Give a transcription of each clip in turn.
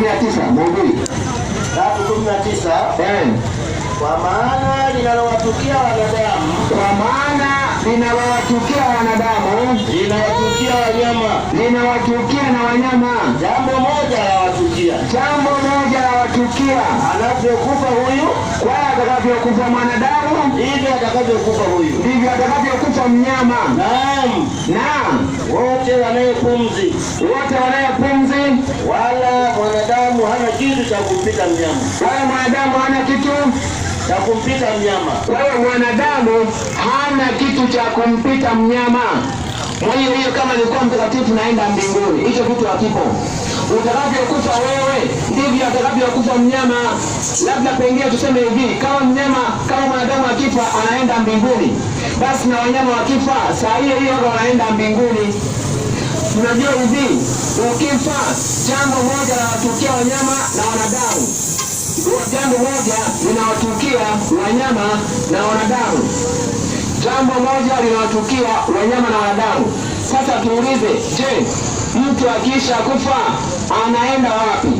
kumi na tisa maudhui tatu kumi na tisa kwa maana linalowatukia wanadamu kwa maana linawatukia wanadamu, linawatukia wanyama, linawatukia na wanyama. Jambo moja lawatukia, jambo moja lawatukia, anapokufa huyu, kwa atakavyokufa mwanadamu ndivyo atakavyokufa huyu, ndivyo atakavyokufa mnyama. Naam, naam, wote wanayepumzi, wote wanayepumzi, wala mwanadamu hana kitu cha kumpita mnyama, wala mwanadamu hana kitu na kumpita mnyama. Wewe mwanadamu hana kitu cha kumpita mnyama. Kwa hiyo hiyo, kama nilikuwa mtakatifu naenda mbinguni, hicho kitu hakipo. Utakavyokufa wewe ndivyo atakavyokufa mnyama. Labda pengine tuseme hivi, kama mnyama kama mwanadamu akifa anaenda mbinguni, basi na wanyama wakifa saa hiyo hiyo wanaenda mbinguni. Unajua hivi, ukifa jambo moja la watukia wanyama na wanadamu jambo moja linawatukia wanyama na wanadamu, jambo moja linawatukia wanyama na wanadamu. Sasa tuulize, je, mtu akisha kufa anaenda wapi?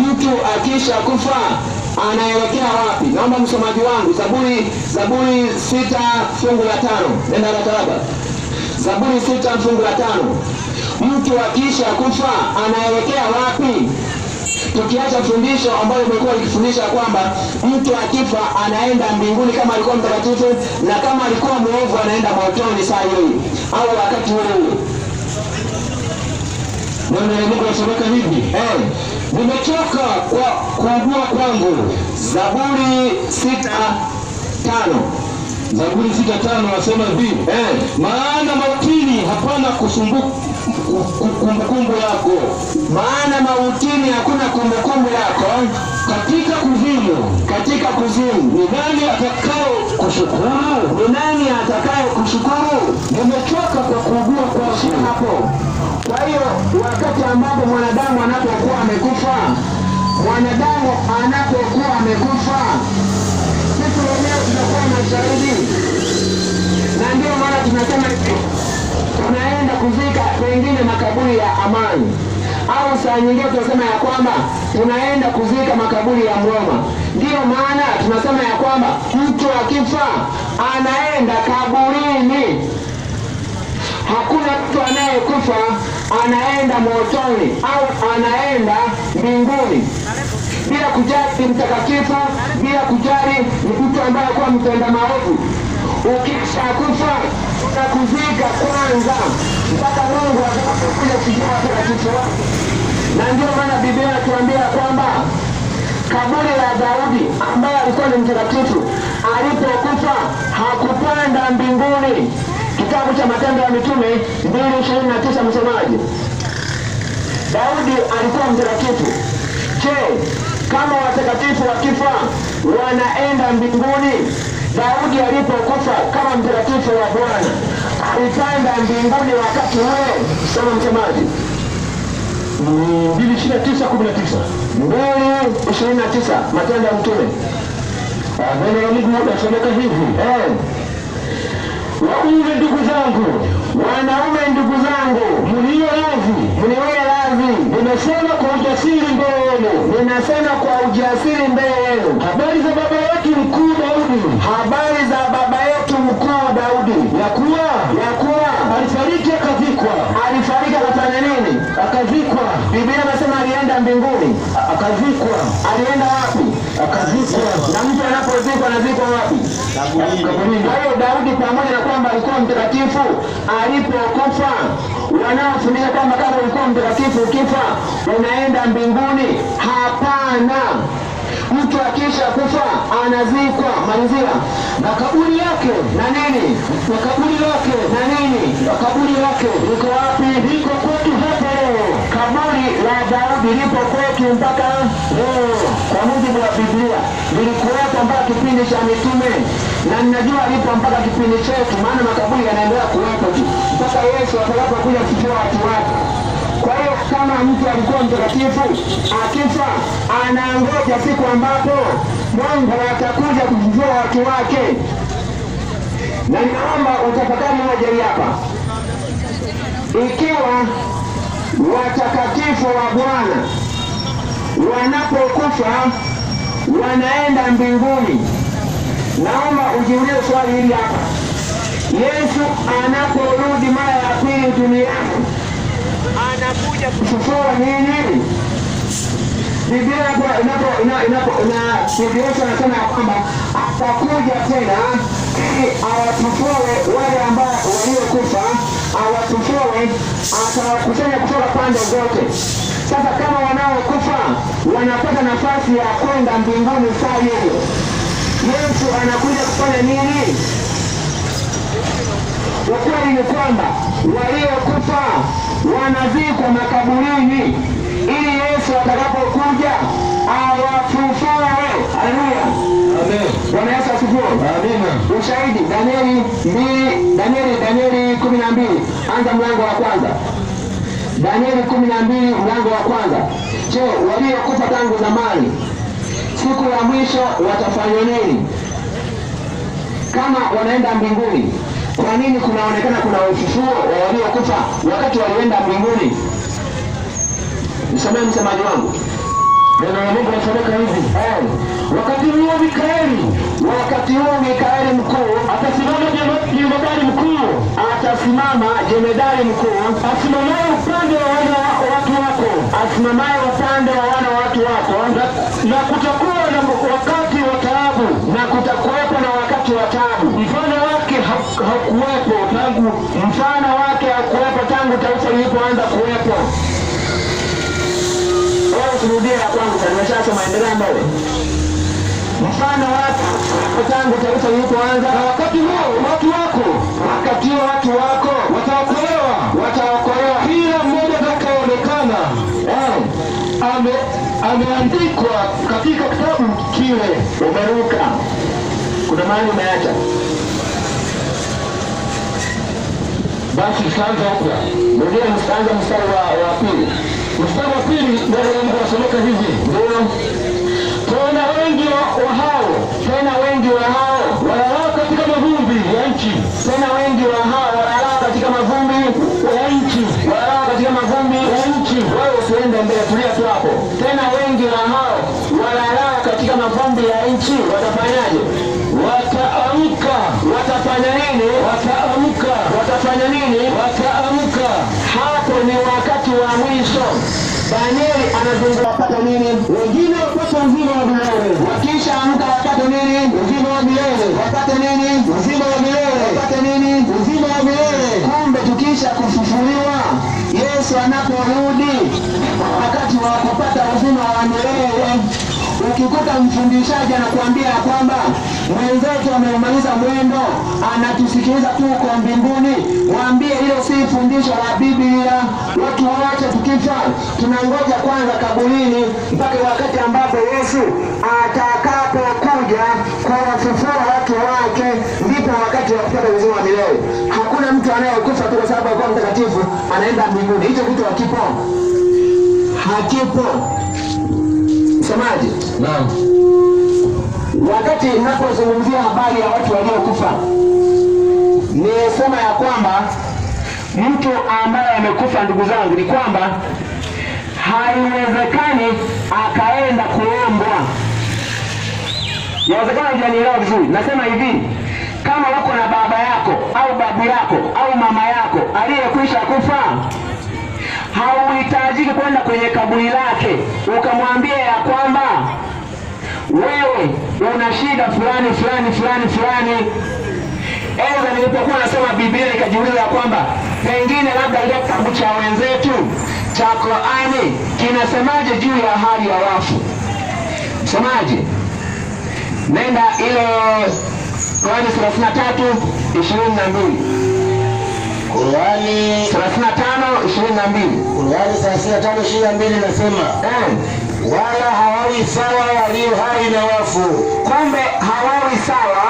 Mtu akisha kufa anaelekea wapi? Naomba msomaji wangu Zaburi, Zaburi sita fungu la tano. Nenda kataraba Zaburi sita fungu la tano. Mtu akisha kufa anaelekea wapi? tukiacha fundisho ambayo imekuwa ikifundisha kwamba mtu akifa anaenda mbinguni kama alikuwa mtakatifu na kama alikuwa mwovu anaenda motoni saa hiyo au wakati huo huo. Bwana hivi eh, nimechoka kwa kuugua kwangu. Zaburi sita tano Zaburi sita tano asema hivi eh, maana hapana kusumbuka kumbukumbu yako, maana mautini hakuna kumbukumbu yako. Katika kuzimu, katika kuzimu ni nani atakao kushukuru? Ni nani atakao kushukuru? Nimechoka kwa kuugua kwa shida hapo. Kwa hiyo wakati ambapo mwanadamu anapokuwa amekufa, mwanadamu anapokuwa amekufa, sisi wenyewe tunakuwa mashahidi, na ndio maana tunasema tunaenda kuzika pengine makaburi ya amani au saa nyingine tunasema ya kwamba tunaenda kuzika makaburi ya Mroma. Ndiyo maana tunasema ya kwamba mtu akifa anaenda kaburini. Hakuna mtu anayekufa anaenda motoni au anaenda mbinguni bila kujali mtakatifu, bila kujali mtu ambaye kuwa mtenda maovu. Ukishakufa tunakuzika kwanza mpaka Mungu akuja kujua kila kitu. Na ndio maana Biblia inatuambia kwamba kaburi la Daudi ambaye alikuwa ni mtakatifu alipokufa hakupanda mbinguni. Kitabu cha Matendo ya Mitume mbili ishirini na tisa msemaji Daudi alikuwa mtakatifu. Je, kama watakatifu wakifa wanaenda mbinguni? Daudi alipokufa kama mtakatifu wa Bwana alipanda mbinguni wakati huo. Soma msemaji, mbili ishirini na tisa kumi na tisa mbili ishirini na tisa Matendo ya Mtume. Neno la Mungu nasomeka hivi waume, ndugu zangu, wanaume, ndugu zangu, mlio hivi mliwe Nimesema kwa ujasiri mbele yenu, nimesema kwa ujasiri mbele yenu, habari za baba yetu mkuu Daudi, habari za baba yetu mkuu Daudi ya kuwa ya kuwa alifariki akazikwa, alifariki akafanya nini? Akazikwa. Biblia inasema alienda mbinguni akazikwa. Alienda wapi? Akazikwa. Na mtu anapozikwa anazikwa wapi? Kaburini. Kwa hiyo Daudi pamoja na kwamba alikuwa mtakatifu alipokufa. Wanaofundisha kwamba kama ulikuwa mtakatifu ukifa unaenda mbinguni, hapana. Mtu akisha kufa anazikwa, malizia na kaburi yake na nini, na kaburi yake na nini, na kaburi yake liko wapi? Liko kwetu hapo. Kaburi la Daudi lipo kwetu mpaka leo, kwa mujibu wa Biblia, lilikuwepo mpaka kipindi cha mitume na ninajua alipo mpaka kipindi chetu, maana makaburi yanaendelea kuwepo tu mpaka Yesu atakapokuja kuchukua watu wake. Kwa hiyo kama mtu alikuwa mtakatifu, akifa anaangoja siku ambapo Mungu atakuja kuchukua watu wake, na ninaomba utafakari moja hii hapa, ikiwa watakatifu wa Bwana wanapokufa wanaenda mbinguni Naomba ujiulize swali hili hapa. Yesu anaporudi mara ya pili duniani anakuja kushusura nini? Biblia na Biblia ya kwamba atakuja tena ili awatufoe wale ambao waliokufa, awatufoe, atawakusanya kutoka pande zote. Sasa kama wanaokufa wanapata nafasi ya kwenda mbinguni saa hiyo yesu anakuja kufanya nini? Ukweli ni kwamba waliokufa wanazikwa makaburini, ili Yesu atakapokuja awafufue. Haleluya, Bwana Yesu asifiwe. Ushahidi Danieli mbili, Danieli Danieli kumi na mbili, anza mlango wa kwanza. Danieli kumi na mbili mlango wa kwanza. Je, waliokufa tangu zamani siku ya mwisho watafanya nini? Kama wanaenda mbinguni, kwa nini kunaonekana kuna ufufuo wa waliokufa wakati walienda mbinguni? Nisamehe msemaji wangu, neno la Mungu nasomeka hivi, wakati huo Mikaeli, wakati huo Mikaeli mkuu atasimama jemedari mkuu, atasimama jemedari mkuu asimamaye upande wa wana wa watu wako, asimamaye upande wa wana wa na kutakuwa na wakati wa taabu, na kutakuwepo na wakati wa taabu. Mfano wake hakuwepo ha tangu, mfano wake hakuwepo tangu taifa lilipoanza kuwepo. Turudie la kwangu nimeshasoma, endelea mbele. Mfano wake hakuwepo tangu taifa lilipoanza, na wakati huo watu wako, wakati huo watu wako wataokolewa, wataokolewa, kila mmoja atakayeonekana ame ameandikwa katika kitabu kile, umeruka, kuna mahali umeacha. Basi tutaanza upya, rudia, mtaanza mstari wa pili. Mstari wa pili neno wasomeka hivi, ndio tena wengi wa hao, tena wengi wa hao wakafanya nini? Wakaamka. Hapo ni wakati wa mwisho. Danieli anazungumza wapata nini? Wengine wapata uzima wa milele, amka wapata nini? Uzima wa milele, Wapata nini? Uzima wa milele, Wapata nini? Uzima wa milele. Kumbe tukisha kufufuliwa, Yesu anaporudi, wakati wa kupata uzima wa milele, ukikuta mfundishaji anakuambia kwamba Mwenzetu ameumaliza mwendo, anatusikiliza, tu tuko mbinguni. waambie hilo si fundisho la Biblia. Watu wote tukifa tunangoja kwanza kaburini mpaka wakati ambapo Yesu atakapokuja kuwafufua watu wake, ndipo wakati wa kupata uzima wa milele. Hakuna mtu anayekufa tu kwa sababu akuwa mtakatifu anaenda mbinguni. Hicho kitu hakipo, hakipo. Msemaji, naam. Wakati ninapozungumzia habari ya watu waliokufa, nisema ya kwamba mtu ambaye amekufa, ndugu zangu, ni kwamba haiwezekani akaenda kuombwa. yawezekana janielewa vizuri. Nasema hivi, kama uko na baba yako au babu yako au mama yako aliyekwisha kufa hauhitajiki kwenda kwenye kaburi lake ukamwambia ya kwamba wewe una shida fulani fulani fulani fulani. Aidha, nilipokuwa nasoma Biblia nikajiuliza kwamba pengine labda ile kitabu cha wenzetu cha Qur'ani kinasemaje juu ya hali ya wafu. Msomaji, nenda ile Qur'ani 33 22 Qur'ani 35 22 Qur'ani 35 22 nasema eh wala hawawi sawa walio hai na wafu. Kumbe hawawi sawa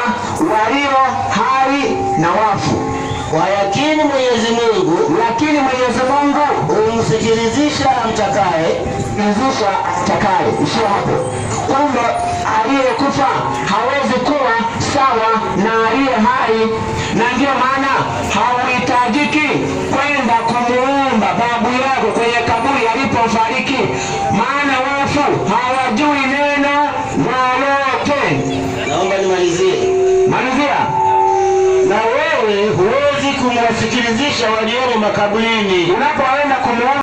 walio hai na wafu. yakini Mwenyezi Mungu, lakini Mwenyezi Mungu humsikilizisha mtakaye msikilizisha amtakaye. Sio hapo, kumbe aliyekufa hawezi kuwa sawa na aliye hai, na ndiyo maana hauhitajiki kwenda kumuumba babu yako kwenye kaburi alipofariki maana kumpumzisha waliomo makaburini unapoenda kumuona